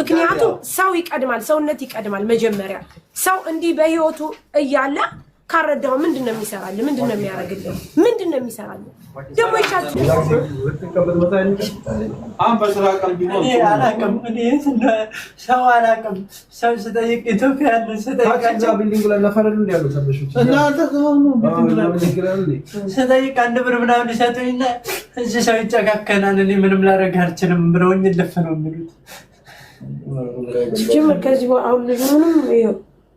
ምክንያቱም ሰው ይቀድማል፣ ሰውነት ይቀድማል። መጀመሪያ ሰው እንዲህ በህይወቱ እያለ ካረዳው ምንድን ነው የሚሰራል? ምንድን ነው የሚያደርግልን? ምንድን ነው የሚሰራል? ደግሞ ይሻችን ሰው ስጠይቅ ኢትዮጵያ ስጠይቅ አንድ ብር ምናምን ይሰጡኝና እዚህ ሰው ይጨካከናል። እኔ ምንም ላደርግ አልችልም ብለውኝ ልፍ ነው የሚሉት ሲጀምር ከዚህ አሁን ልጁ ምንም ይኸው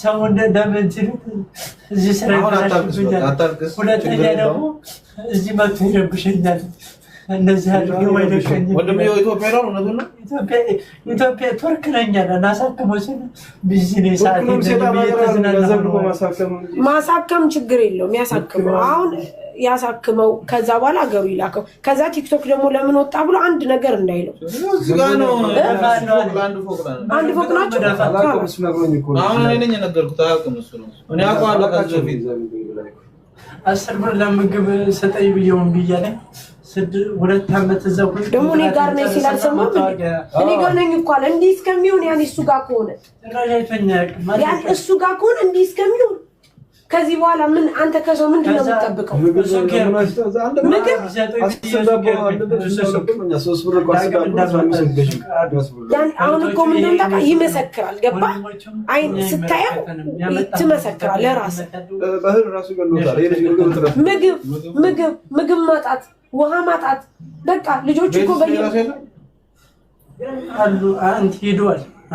ሰውን እንደምንችሉት እዚህ ስራ ሁለተኛ ደግሞ እዚህ መጥቶ ይረብሸኛል። ኢትዮጵያ ቱርክ ነኝ አለ ሲል ቢዝነስ ማሳከም ችግር የለውም ያሳክመው አሁን ያሳክመው፣ ከዛ በኋላ ሀገሩ ይላከው። ከዛ ቲክቶክ ደግሞ ለምን ወጣ ብሎ አንድ ነገር እንዳይለው አንድ ፎቅ ናቸው። አስር ብር ለምግብ ስጠኝ ብየው እምቢ እያለኝ ሁለት ዓመት እዛ ደግሞ እኔ ጋር ነኝ ሲል አልሰማም። እኔ ጋር ነኝ እኮ አለ። እንዲህ እስከሚሆን ያን እሱ ጋር ከሆነ እሱ ጋር ከሆነ እንዲህ እስከሚሆን ከዚህ በኋላ ምን አንተ ከሰው ምንድን ነው የምጠብቀው? አሁን እኮ ምንድን ነው ይመሰክራል። ገባ አይ ስታየው ትመሰክራል። ለራስ ምግብ ምግብ ምግብ ማጣት፣ ውሃ ማጣት፣ በቃ ልጆች እኮ በየ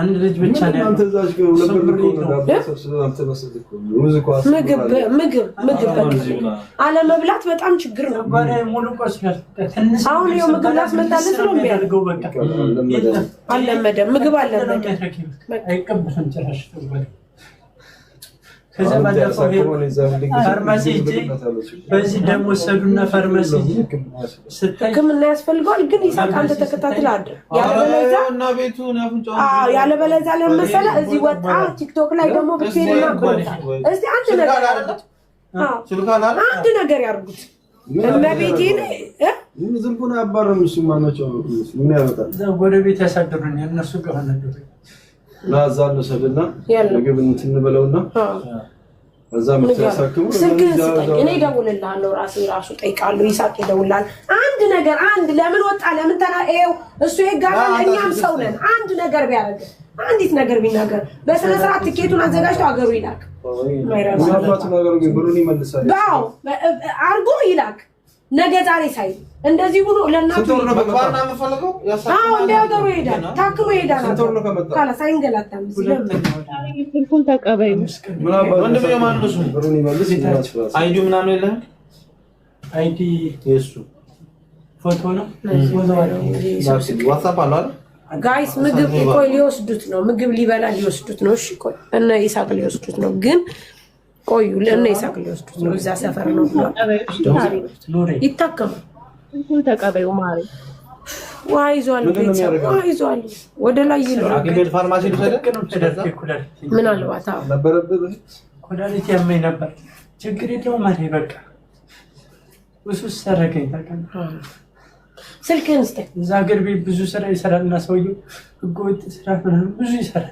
አንድ ልጅ ብቻ ነው ምግብ ምግብ አለመብላት በጣም ችግር ነው። አሁን ይኸው ምግብ ላስመጣለት ነው የሚያደርገው። በቃ አልለመደም፣ ምግብ አልለመደም። ከዚያ ፋርማሲ በዚህ ደም ወሰዱና ፋርማሲ ሕክምና ያስፈልገዋል። ግን ይሳቅ አንተ ተከታትል አድር። ያለበለዚያ ለመሰለ እዚህ ወጣ ቲክቶክ ላይ ደግሞ ብትሄድና እስቲ አንድ ነገር አንድ ነገር ያርጉት። እመቤቴን ዝም ብሎ አባረም። እሱ ማናቸው ምን ያመጣል? ወደ ቤት ከሆነ እና እዛ እንውሰድና ምግብ እንትን በለውና በዛ ምትያሳክሙ ስልክ ስጠኝ። እኔ እደውልልሃለሁ ራሴ ራሱ እጠይቃለሁ። ይሳቅ ይደውላል። አንድ ነገር አንድ ለምን ወጣ ለምን ተና ይኸው እሱ ይጋራ እኛም ሰው ነን። አንድ ነገር ቢያደርግ አንዲት ነገር ቢናገር በስነ ስርዓት ትኬቱን አዘጋጅቶ አገሩ ይላክ። ማይራሱ ነገር ግን ብሩን ይመልሳል አርጎ ይላክ ነገ ዛሬ ሳይ እንደዚህ ብሎ ለእናቱ መግባና መፈለገው እንዲያገሩ ይሄዳል፣ ታክሞ ይሄዳል። ካላ ወንድም የማንሱ አይዲ ምናምን የለህም። አይዲ የሱ ፎቶ ነው። ዋትሳፕ አለ ጋይስ ምግብ ቆይ፣ ሊወስዱት ነው። ምግብ ሊበላ ሊወስዱት ነው። እሺ ቆይ፣ እነ ኢሳቅ ሊወስዱት ነው ግን ቆዩ ለእነ ይሳቅ ሊወስዱ እዛ ሰፈር ነው ይታከሙ ተቀበዩ ማሪ ውሃ ይዟል፣ ውሃ ይዟል፣ ወደ ላይ ምናልባት ያመኝ ነበር። ችግር የለውም አለኝ። በቃ ሰረገኝ። እዛ አገር ቤት ብዙ ስራ ይሰራልና ሰውየው ህገወጥ ስራ ብዙ ይሰራል።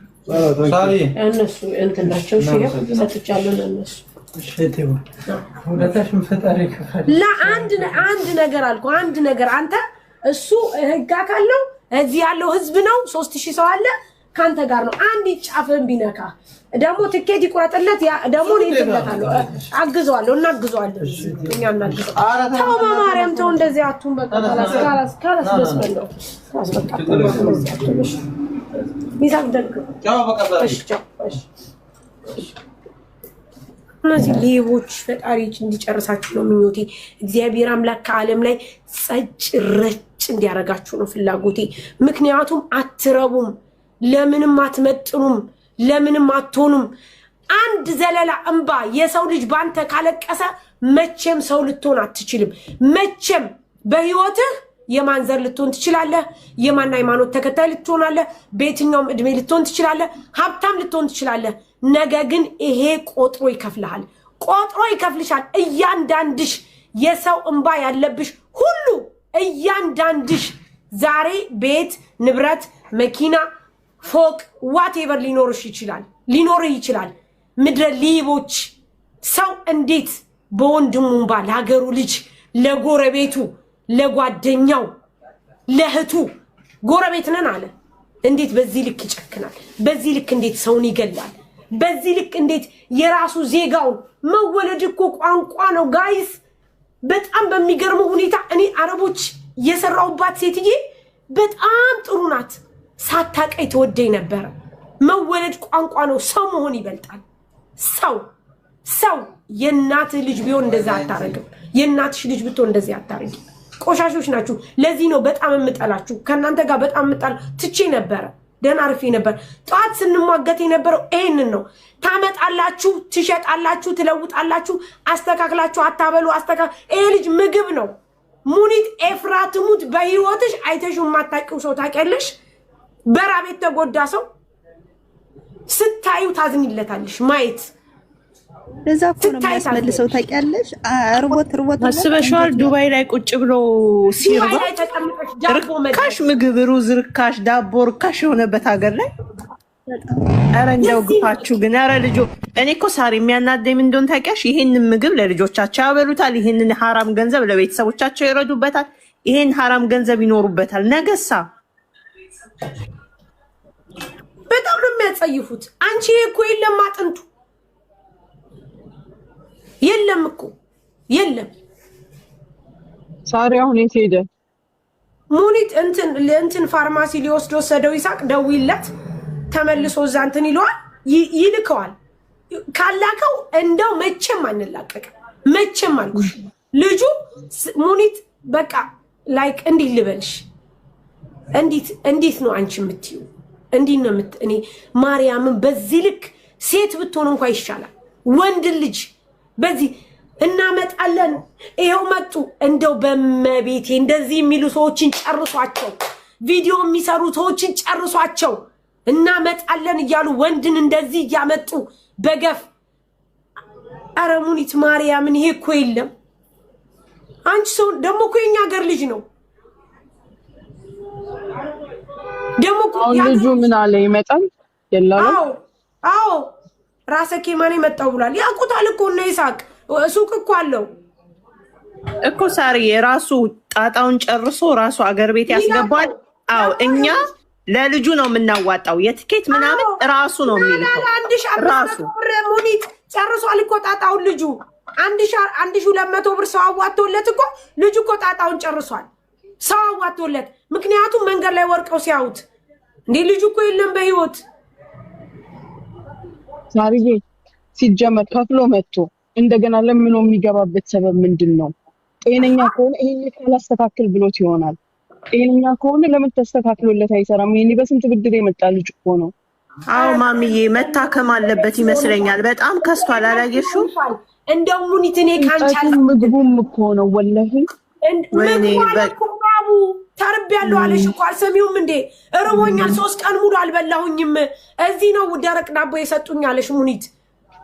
እነሱ እንትን ናቸው ሰጥቻለሁ ለእነሱ አንድ ነገር አልኩህ። አንድ ነገር አንተ እሱ ህግ አካል ነው። እዚህ ያለው ህዝብ ነው። ሶስት ሺህ ሰው አለ ከአንተ ጋር ነው። አንድ ጫፍህን ቢነካ ደግሞ ትኬት ይቁረጥለት። ደግሞ እሄድለታለሁ፣ አግዘዋለሁ፣ እናግዘዋለን። እኛ እናግዘው። ተው በማርያም ተው፣ እንደዚህ አቱን በቃ ካላስ ካላስ ደስ በለው ካላስ በቃ ሚዛን ደግም እነዚህ ሌቦች ፈጣሪ እንዲጨርሳችሁ ነው ምኞቴ። እግዚአብሔር አምላክ ከዓለም ላይ ጸጭ ረጭ እንዲያረጋችሁ ነው ፍላጎቴ። ምክንያቱም አትረቡም፣ ለምንም አትመጥኑም፣ ለምንም አትሆኑም። አንድ ዘለላ እንባ የሰው ልጅ ባንተ ካለቀሰ መቼም ሰው ልትሆን አትችልም። መቼም በህይወትህ የማን ዘር ልትሆን ትችላለህ? የማን ሃይማኖት ተከታይ ልትሆናለህ? በየትኛውም እድሜ ልትሆን ትችላለህ። ሀብታም ልትሆን ትችላለህ። ነገ ግን ይሄ ቆጥሮ ይከፍልሃል፣ ቆጥሮ ይከፍልሻል። እያንዳንድሽ የሰው እንባ ያለብሽ ሁሉ እያንዳንድሽ ዛሬ ቤት፣ ንብረት፣ መኪና፣ ፎቅ ዋቴቨር ሊኖርሽ ይችላል ሊኖርህ ይችላል። ምድረ ሊቦች ሰው እንዴት በወንድሙ እንባ ለሀገሩ ልጅ ለጎረቤቱ ለጓደኛው ለእህቱ ጎረቤት ነን አለ። እንዴት በዚህ ልክ ይጨክናል? በዚህ ልክ እንዴት ሰውን ይገላል? በዚህ ልክ እንዴት የራሱ ዜጋውን መወለድ እኮ ቋንቋ ነው ጋይስ። በጣም በሚገርመው ሁኔታ እኔ አረቦች የሰራውባት ሴትዬ በጣም ጥሩ ናት። ሳታቀይ ተወደኝ ነበረ። መወለድ ቋንቋ ነው። ሰው መሆን ይበልጣል። ሰው ሰው የእናትህ ልጅ ቢሆን እንደዛ አታረግም። የእናትሽ ልጅ ብትሆን እንደዚህ አታረግም። ቆሻሾች ናችሁ። ለዚህ ነው በጣም የምጠላችሁ። ከእናንተ ጋር በጣም የምጣል ትቼ ነበረ። ደህና አርፌ ነበር። ጠዋት ስንሟገት የነበረው ይሄንን ነው። ታመጣላችሁ፣ ትሸጣላችሁ፣ ትለውጣላችሁ፣ አስተካክላችሁ አታበሉ። አስተካ ይሄ ልጅ ምግብ ነው። ሙኒት ኤፍራ ትሙት። በህይወትሽ አይተሽው የማታውቂው ሰው ታውቂያለሽ። በራቤት ተጎዳ ሰው ስታዩ ታዝኝለታለሽ ማየት ለዛ እኮ ነው የሚያስመልሰው። ታውቂያለሽ፣ ርቦት ርቦት አስበሽዋል። ዱባይ ላይ ቁጭ ብሎ ሲርባ ርካሽ ምግብ፣ ሩዝ ርካሽ፣ ዳቦ ርካሽ የሆነበት ሀገር ላይ ኧረ እንደው ግፋችሁ ግን ኧረ ልጆ እኔ እኮ ሳሪ የሚያናደኝ ምን እንደሆነ ታውቂያለሽ? ይሄንን ምግብ ለልጆቻቸው ያበሉታል። ይሄንን ሀራም ገንዘብ ለቤተሰቦቻቸው ይረዱበታል። ይሄን ሀራም ገንዘብ ይኖሩበታል። ነገሳ በጣም ነው የሚያጸይፉት። አንቺ እኮ የለም አጥንቱ የለም እኮ የለም። ሳሪ አሁን የት ሄደ? ሙኒት እንትን ለእንትን ፋርማሲ ሊወስድ ወሰደው። ይሳቅ ደውይለት፣ ተመልሶ እዛ እንትን ይለዋል፣ ይልከዋል። ካላከው እንደው መቼም አንላቀቅም፣ መቼም አልኩሽ። ልጁ ሙኒት በቃ ላይክ እንዲህ ልበልሽ፣ እንዴት እንዴት ነው አንቺ የምትዩ? እንዲህ ነው እኔ ማርያምን በዚህ ልክ ሴት ብትሆን እንኳ ይሻላል ወንድ ልጅ በዚህ እናመጣለን። ይኸው መጡ። እንደው በመቤቴ እንደዚህ የሚሉ ሰዎችን ጨርሷቸው። ቪዲዮ የሚሰሩ ሰዎችን ጨርሷቸው። እናመጣለን እያሉ ወንድን እንደዚህ እያመጡ በገፍ ኧረ ሙኒት ማርያምን፣ ይሄ እኮ የለም። አንቺ ሰው ደግሞ እኮ የኛ ሀገር ልጅ ነው። ደግሞ ልጁ ምን አለ ይመጣል የላለ አዎ ራሰ ኬማኔ መጣው ብሏል። ያውቁታል እኮ እነ ይሳቅ ሱቅ እኮ አለው እኮ ሳሪ የራሱ ጣጣውን ጨርሶ ራሱ አገር ቤት ያስገባል። አዎ እኛ ለልጁ ነው የምናዋጣው የትኬት ምናምን ራሱ ነው ራሱ ሙኒት ጨርሷል እኮ ጣጣውን ልጁ አንድ ሺ ሁለት መቶ ብር ሰው አዋቶለት እኮ ልጁ እኮ ጣጣውን ጨርሷል። ሰው አዋቶለት ምክንያቱም መንገድ ላይ ወርቀው ሲያዩት እንዲህ ልጁ እኮ የለም በህይወት ሳርዬ ሲጀመር ከፍሎ መጥቶ እንደገና ለምኖ የሚገባበት ሰበብ ምንድን ነው? ጤነኛ ከሆነ ይህን ካላስተካክል ብሎት ይሆናል። ጤነኛ ከሆነ ለምን ተስተካክሎለት አይሰራም? ይህ በስንት ብድር የመጣ ልጅ እኮ ነው። አዎ ማሚዬ መታከም አለበት ይመስለኛል። በጣም ከስቷል። አላየሽው? እንደ ሙኒት እኔ ካንቻል ምግቡም እኮ ነው ወላሂ ምግቡ ተርብ ያለው አለሽ እኮ አልሰሚውም እንዴ? እርቦኛል፣ ሶስት ቀን ሙሉ አልበላሁኝም። እዚህ ነው ደረቅ ዳቦ የሰጡኝ አለሽ። ሙኒት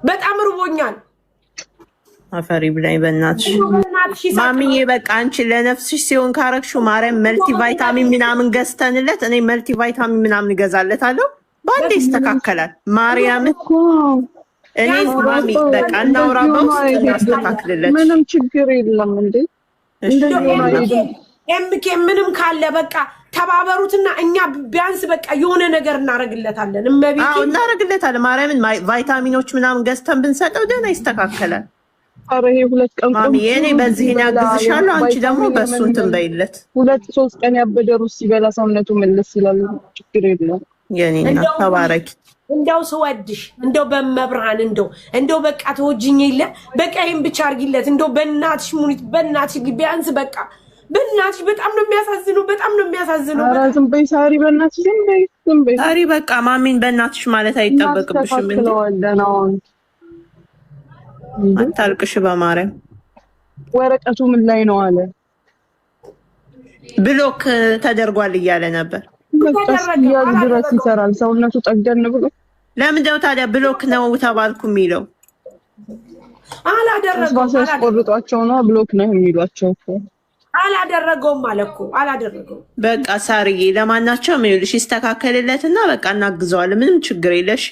በጣም እርቦኛል። አፈሪ ብላኝ በእናትሽ ማሚዬ። በቃ አንቺ ለነፍስሽ ሲሆን ካረግሽው ማርያም መልቲ ቫይታሚን ምናምን ገዝተንለት፣ እኔ መልቲ ቫይታሚን ምናምን እገዛለታለሁ። በአንዴ ይስተካከላል። ማርያም እኔ ማሚ በቃ እናውራ፣ በውስጥ እናስተካክልለት። ምንም ችግር የለም እንዴ እንደዚህ ኤምኬ ምንም ካለ በቃ ተባበሩትና እኛ ቢያንስ በቃ የሆነ ነገር እናረግለታለን። እመቤ እናረግለታለን። ማርያምን ቫይታሚኖች ምናምን ገዝተን ብንሰጠው ደህና ይስተካከላል። ማሚ የኔ በዚህን ያግዝሻለሁ፣ አንቺ ደግሞ በእሱ እንትን በይለት። ሁለት ሶስት ቀን ያበደሩ ሲበላ ሰውነቱ መለስ ይላሉ። ችግር የለውም። የኔና ተባረኪ። እንደው ስወድሽ እንደው በመብርሃን እንደው እንደው በቃ ተወጅኝ የለ በቃ ይህን ብቻ አርጊለት እንደው በእናትሽ ሙኒት በእናትሽ ቢያንስ በቃ በእናትሽ በጣም ነው የሚያሳዝነው። በጣም ነው የሚያሳዝነው። ዝም በይ ሳሪ፣ በእናትሽ ዝም በይ፣ ዝም በይ ሳሪ። በቃ ማሚን በእናትሽ ማለት አይጠበቅብሽም። አታልቅሽ በማርያም። ወረቀቱ ምን ላይ ነው አለ ብሎክ ተደርጓል እያለ ነበር። እስኪያዝ ድረስ ይሰራል ሰውነቱ ጠገን ብሎ ለምንድነው ታዲያ ብሎክ ነው ተባልኩ የሚለው? አላደረገው። አስቆርጧቸው ነው ብሎክ ነው የሚሏቸው አላደረገውም አለ እኮ አላደረገውም። በቃ ሳርዬ ለማናቸውም ይኸውልሽ እና በቃ እናግዘዋለን። ምንም ችግር የለሽ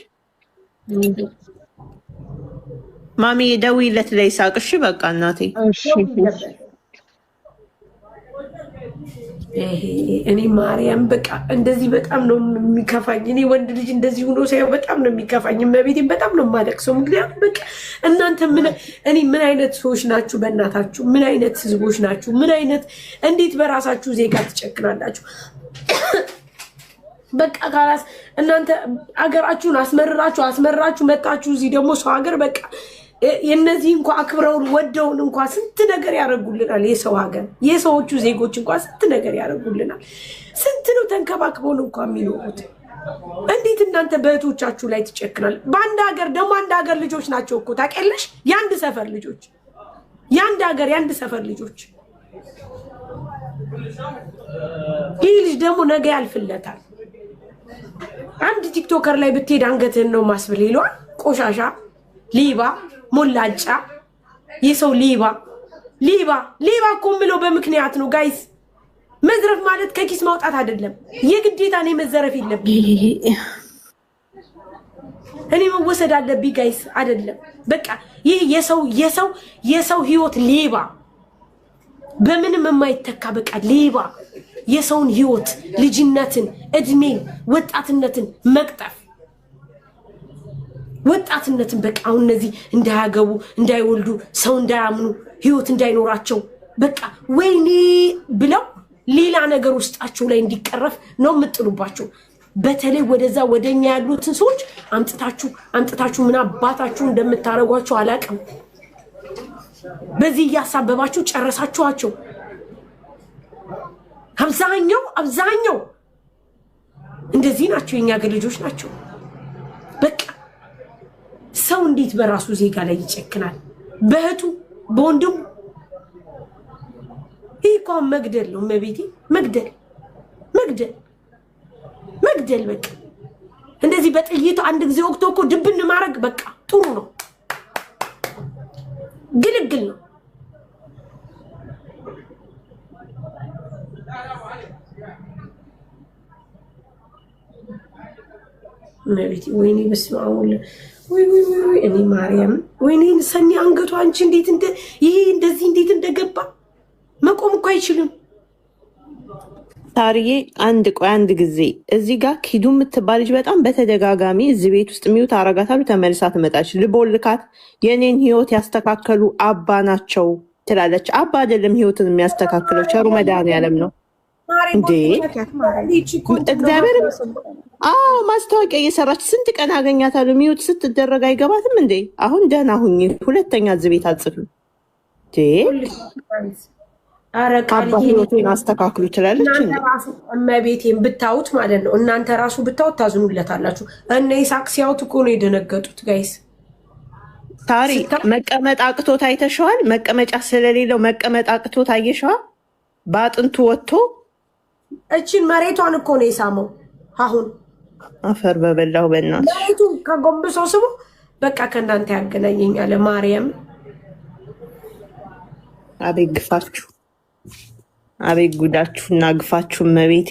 ማሚ፣ ደውይለት ለይሳቅ። እሺ በቃ እናቴ እኔ ማርያም በቃ እንደዚህ በጣም ነው የሚከፋኝ። እኔ ወንድ ልጅ እንደዚህ ሆኖ ሳየው በጣም ነው የሚከፋኝ። መቤቴ በጣም ነው የማለቅሰው። ምክንያቱም በቃ እናንተ እኔ ምን አይነት ሰዎች ናችሁ? በእናታችሁ ምን አይነት ህዝቦች ናችሁ? ምን አይነት እንዴት በራሳችሁ ዜጋ ትጨክናላችሁ? በቃ ካላስ እናንተ አገራችሁን አስመርራችሁ አስመርራችሁ መጣችሁ እዚህ ደግሞ ሰው ሀገር በቃ የነዚህ እንኳ አክብረውን ወደውን እንኳ ስንት ነገር ያደርጉልናል። የሰው ሀገር የሰዎቹ ዜጎች እንኳ ስንት ነገር ያደርጉልናል። ስንት ነው ተንከባክበውን እንኳ የሚኖሩት። እንዴት እናንተ በእህቶቻችሁ ላይ ትጨክናል? በአንድ ሀገር ደግሞ አንድ ሀገር ልጆች ናቸው እኮ ታውቂያለሽ። የአንድ ሰፈር ልጆች፣ የአንድ ሀገር የአንድ ሰፈር ልጆች። ይህ ልጅ ደግሞ ነገ ያልፍለታል። አንድ ቲክቶከር ላይ ብትሄድ አንገትህን ነው ማስብል ይለዋል። ቆሻሻ ሊባ ሞላጫ፣ የሰው ሌባ ሌባ ሌባ እኮ የምለው በምክንያት ነው ጋይስ። መዝረፍ ማለት ከኪስ ማውጣት አይደለም። የግዴታ እኔ መዘረፍ የለብኝ እኔ መወሰድ አለብኝ ጋይስ፣ አይደለም በቃ ይህ የሰው የሰው የሰው ህይወት ሌባ በምንም የማይተካ በቃ ሌባ የሰውን ህይወት ልጅነትን፣ እድሜን፣ ወጣትነትን መቅጠፍ ወጣትነትን በቃ አሁን እነዚህ እንዳያገቡ እንዳይወልዱ ሰው እንዳያምኑ ህይወት እንዳይኖራቸው በቃ ወይኔ ብለው ሌላ ነገር ውስጣቸው ላይ እንዲቀረፍ ነው የምጥሉባቸው። በተለይ ወደዛ ወደኛ ያሉትን ሰዎች አምጥታችሁ አምጥታችሁ ምን አባታችሁ እንደምታደርጓቸው አላውቅም። በዚህ እያሳበባችሁ ጨረሳችኋቸው። አብዛኛው አብዛኛው እንደዚህ ናቸው፣ የኛ ሀገር ልጆች ናቸው። ሰው እንዴት በራሱ ዜጋ ላይ ይጨክናል? በእህቱ በወንድሙ። ይህ እኮ አሁን መግደል ነው። እመቤቴ መግደል መግደል መግደል በቃ እንደዚህ በጥይቱ አንድ ጊዜ ወቅቶ እኮ ድብን ማድረግ በቃ ጥሩ ነው፣ ግልግል ነው። እመቤቴ ወይኔ በስመ አብ ወልድ ወይ ወይ ወይ እኔ ማርያም ወይኔ ሰኒ አንገቱ አንቺ እንዴት እንደ ይሄ እንደዚህ እንዴት እንደገባ መቆም እኮ አይችልም። ታርዬ አንድ ቆይ አንድ ጊዜ እዚህ ጋር ኪዱ የምትባል ልጅ በጣም በተደጋጋሚ እዚህ ቤት ውስጥ ሚዩት አረጋታሉ። ተመልሳ ትመጣች። ልቦልካት የኔን ህይወት ያስተካከሉ አባ ናቸው ትላለች። አባ አይደለም ህይወትን የሚያስተካክለው ቸሩ መድኃኔዓለም ነው። እግዚአብሔር አዎ፣ ማስታወቂያ እየሰራች ስንት ቀን አገኛታለሁ። ሚውት ስትደረግ አይገባትም እንዴ? አሁን ደህና ሁኝ፣ ሁለተኛ ዝቤት አጽፍ ህይወቴን አስተካክሉ ትላለች። እመቤቴን ብታዩት ማለት ነው እናንተ ራሱ ብታዩት ታዝኑለታላችሁ። እነ ይሳቅ ሲያዩት እኮ ነው የደነገጡት ጋይስ ታሪ መቀመጥ አቅቶት አይተሸዋል። መቀመጫ ስለሌለው መቀመጥ አቅቶት አየሸዋል። በአጥንቱ ወጥቶ እችን መሬቷን እኮ ነው የሳመው። አሁን አፈር በበላው በና መሬቱ ከጎንብሶ ስሙ በቃ ከእናንተ ያገናኘኛል። ማርያም አቤት ግፋችሁ፣ አቤት ጉዳችሁ እና መቤቴ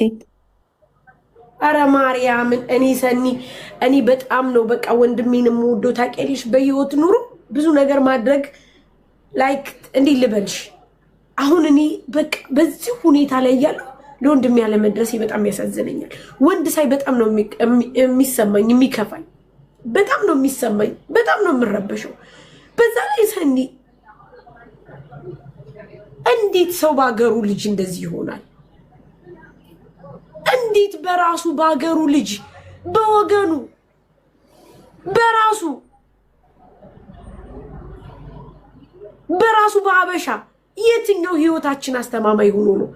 አረ ማርያምን እኔ ሰኒ እኔ በጣም ነው በቃ ወንድሜንም ወዶ ታውቂያለሽ። በህይወት ኑሮ ብዙ ነገር ማድረግ ላይክ እንዲህ ልበልሽ አሁን እኔ በቃ በዚህ ሁኔታ ላይ እያለሁ ለወንድሜ ያለመድረሴ በጣም ያሳዝነኛል። ወንድ ሳይ በጣም ነው የሚሰማኝ የሚከፋኝ፣ በጣም ነው የሚሰማኝ፣ በጣም ነው የምረበሸው። በዛ ላይ ሰኒ እንዴት ሰው በሀገሩ ልጅ እንደዚህ ይሆናል? እንዴት በራሱ በሀገሩ ልጅ በወገኑ በራሱ በራሱ በሀበሻ የትኛው ህይወታችን አስተማማኝ ሆኖ ነው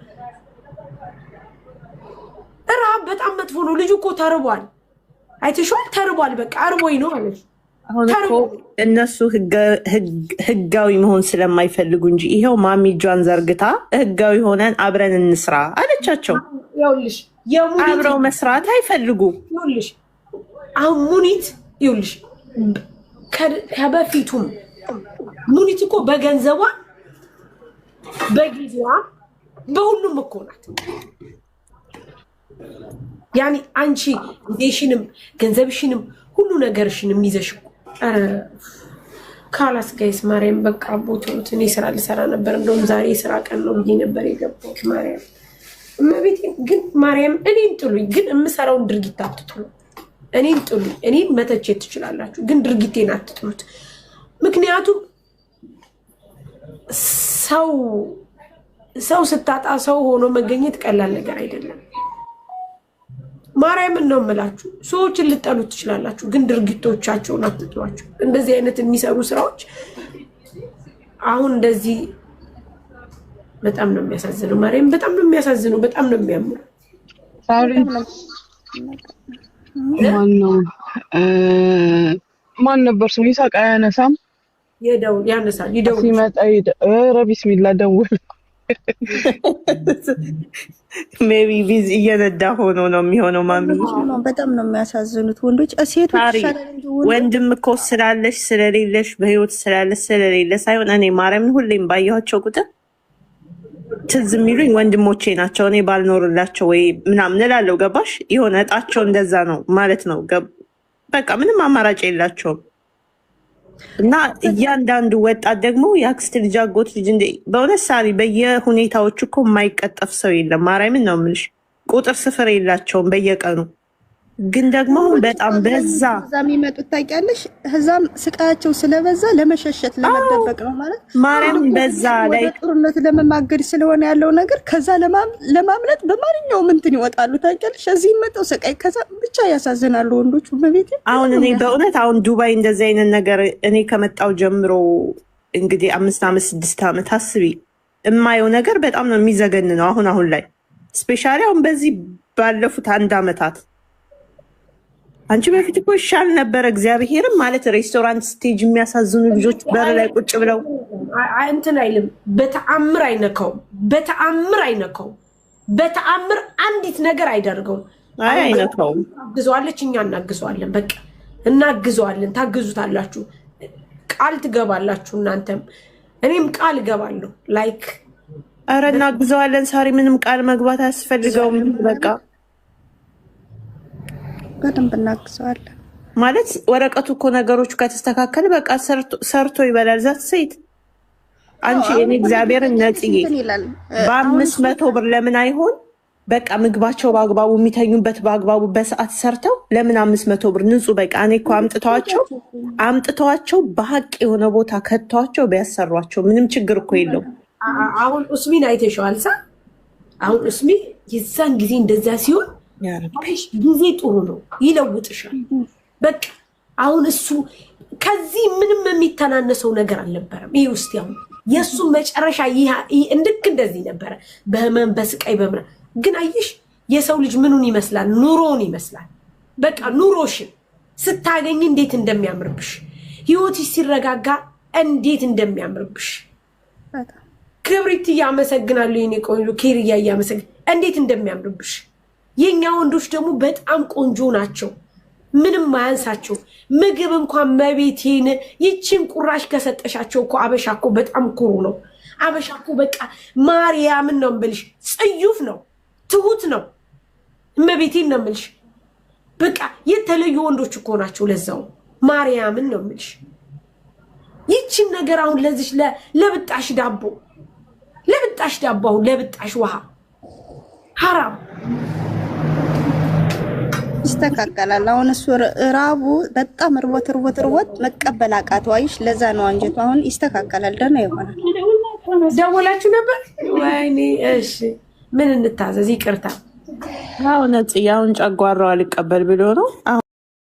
ረሃብ በጣም መጥፎ ነው። ልጁ እኮ ተርቧል፣ አይተሽዋል። ተርቧል። በቃ አርቦኝ ነው አለች። አሁን እነሱ ህጋዊ መሆን ስለማይፈልጉ እንጂ ይኸው ማሚ እጇን ዘርግታ ህጋዊ ሆነን አብረን እንስራ አለቻቸው። አብረው መስራት አይፈልጉ። ይኸውልሽ አሁን ሙኒት ይኸውልሽ ከበፊቱም ሙኒት እኮ በገንዘቧ በጊዜዋ በሁሉም እኮ ናት። ያኔ አንቺ ጊዜሽንም ገንዘብሽንም ሁሉ ነገርሽንም ይዘሽ ካላስ ጋይስ ማርያም በቃ ቦታዎት እኔ ስራ ልሰራ ነበር። እንደውም ዛሬ የስራ ቀን ነው ብዬ ነበር የገባሁት። ማርያም እመቤቴ ግን ማርያም እኔን ጥሉኝ፣ ግን የምሰራውን ድርጊት አትጥሉ። እኔን ጥሉኝ፣ እኔን መተቼት ትችላላችሁ፣ ግን ድርጊቴን አትጥሉት። ምክንያቱም ሰው ሰው ስታጣ ሰው ሆኖ መገኘት ቀላል ነገር አይደለም። ማርያምን ነው የምላችሁ። ሰዎችን ልጠሉ ትችላላችሁ፣ ግን ድርጊቶቻቸውን አትጥሏቸው። እንደዚህ አይነት የሚሰሩ ስራዎች አሁን እንደዚህ በጣም ነው የሚያሳዝነው። ማርያም በጣም ነው የሚያሳዝነው። በጣም ነው የሚያምሩ ማን ነበር ስሙ? ይሳቅ አያነሳም። ያነሳል። ይደውል ሲመጣ ረ ቢስሚላ ደውል ሜቢ ቪዝ እየነዳ ሆኖ ነው የሚሆነው። ማሚ በጣም ነው የሚያሳዝኑት ወንዶች። ሴቶች ወንድም እኮ ስላለሽ ስለሌለሽ በህይወት ስላለሽ ስለሌለ ሳይሆን እኔ ማርያምን ሁሌም ባየኋቸው ቁጥር ትዝ የሚሉኝ ወንድሞቼ ናቸው። እኔ ባልኖርላቸው ወይ ምናምን እላለሁ። ገባሽ? የሆነ እጣቸው እንደዛ ነው ማለት ነው። በቃ ምንም አማራጭ የላቸውም። እና እያንዳንዱ ወጣት ደግሞ የአክስት ልጅ አጎት ልጅ እንደ በእውነት ሳሪ በየሁኔታዎች እኮ የማይቀጠፍ ሰው የለም። ማርያምን ነው የምልሽ። ቁጥር ስፍር የላቸውም በየቀኑ ግን ደግሞ በጣም በዛ እዛም ይመጡት ታውቂያለሽ። እዛም ስቃያቸው ስለበዛ ለመሸሸት ለመደበቅ ነው ማለት ማርያም፣ በዛ ላይ ጦርነት ለመማገድ ስለሆነ ያለው ነገር ከዛ ለማምለጥ በማንኛውም እንትን ይወጣሉ ታውቂያለሽ። እዚህ መጠው ስቃይ ከዛ ብቻ ያሳዝናሉ ወንዶቹ። በቤት አሁን እኔ በእውነት አሁን ዱባይ እንደዚህ አይነት ነገር እኔ ከመጣው ጀምሮ እንግዲህ አምስት አመት ስድስት አመት አስቢ እማየው ነገር በጣም ነው የሚዘገን ነው። አሁን አሁን ላይ ስፔሻሊ አሁን በዚህ ባለፉት አንድ አመታት አንቺ በፊት እኮ ይሻል ነበረ። እግዚአብሔርም ማለት ሬስቶራንት ስቴጅ የሚያሳዝኑ ልጆች በር ላይ ቁጭ ብለው እንትን አይልም። በተአምር አይነካውም። በተአምር አይነካውም። በተአምር አንዲት ነገር አይደርገውም። አይ አይነካውም። እኛ እናግዘዋለን። በቃ እናግዘዋለን። ታግዙታላችሁ። ቃል ትገባላችሁ። እናንተም እኔም ቃል እገባለሁ። ላይክ ኧረ እናግዘዋለን። ሳሪ ምንም ቃል መግባት አያስፈልገውም። በቃ በደንብ እናግዘዋለን። ማለት ወረቀቱ እኮ ነገሮቹ ከተስተካከል በቃ ሰርቶ ይበላል። ዛት ሴት አንቺ እኔ እግዚአብሔር ነጽዬ በአምስት መቶ ብር ለምን አይሆን በቃ ምግባቸው በአግባቡ የሚተኙበት በአግባቡ በሰዓት ሰርተው ለምን አምስት መቶ ብር ንጹህ በቃ እኔ እኮ አምጥተዋቸው አምጥተዋቸው በሀቅ የሆነ ቦታ ከተዋቸው ቢያሰሯቸው ምንም ችግር እኮ የለው አሁን ኡስሚን አይተሸዋልሳ አሁን ኡስሚ የዛን ጊዜ እንደዛ ሲሆን ጊዜ ጥሩ ነው፣ ይለውጥሻል። በቃ አሁን እሱ ከዚህ ምንም የሚተናነሰው ነገር አልነበረም። ይህ ውስጥ ያሁን የእሱ መጨረሻ እንድክ እንደዚህ ነበረ፣ በህመም በስቃይ በምና ግን አየሽ፣ የሰው ልጅ ምኑን ይመስላል? ኑሮውን ይመስላል። በቃ ኑሮሽን ስታገኝ እንዴት እንደሚያምርብሽ፣ ህይወትሽ ሲረጋጋ እንዴት እንደሚያምርብሽ። ክብሪት እያመሰግናለሁ የኔ ቆንጆ ኬርያ እያመሰግን እንዴት እንደሚያምርብሽ የእኛ ወንዶች ደግሞ በጣም ቆንጆ ናቸው። ምንም አያንሳቸው። ምግብ እንኳን መቤቴን ይቺን ቁራሽ ከሰጠሻቸው እኮ አበሻ እኮ በጣም ኩሩ ነው። አበሻ እኮ በቃ ማርያምን ነው እምልሽ፣ ጽዩፍ ነው፣ ትሁት ነው። መቤቴን ነው እምልሽ። በቃ የተለዩ ወንዶች እኮ ናቸው። ለዛው ማርያምን ነው እምልሽ። ይቺን ነገር አሁን ለዚች ለብጣሽ ዳቦ ለብጣሽ ዳቦ አሁን ለብጣሽ ውሃ ሀራም ይስተካከላል። አሁን እሱ ራቡ በጣም እርቦት እርቦት እርቦት መቀበል አቃተው አይሽ። ለዛ ነው አንጀቱ አሁን ይስተካከላል፣ ደህና ይሆናል። ደውላችሁ ነበር? ወይኔ እሺ፣ ምን እንታዘዝ? ይቅርታ አሁን ነጽ አሁን ጨጓራው አልቀበል ብሎ ነው።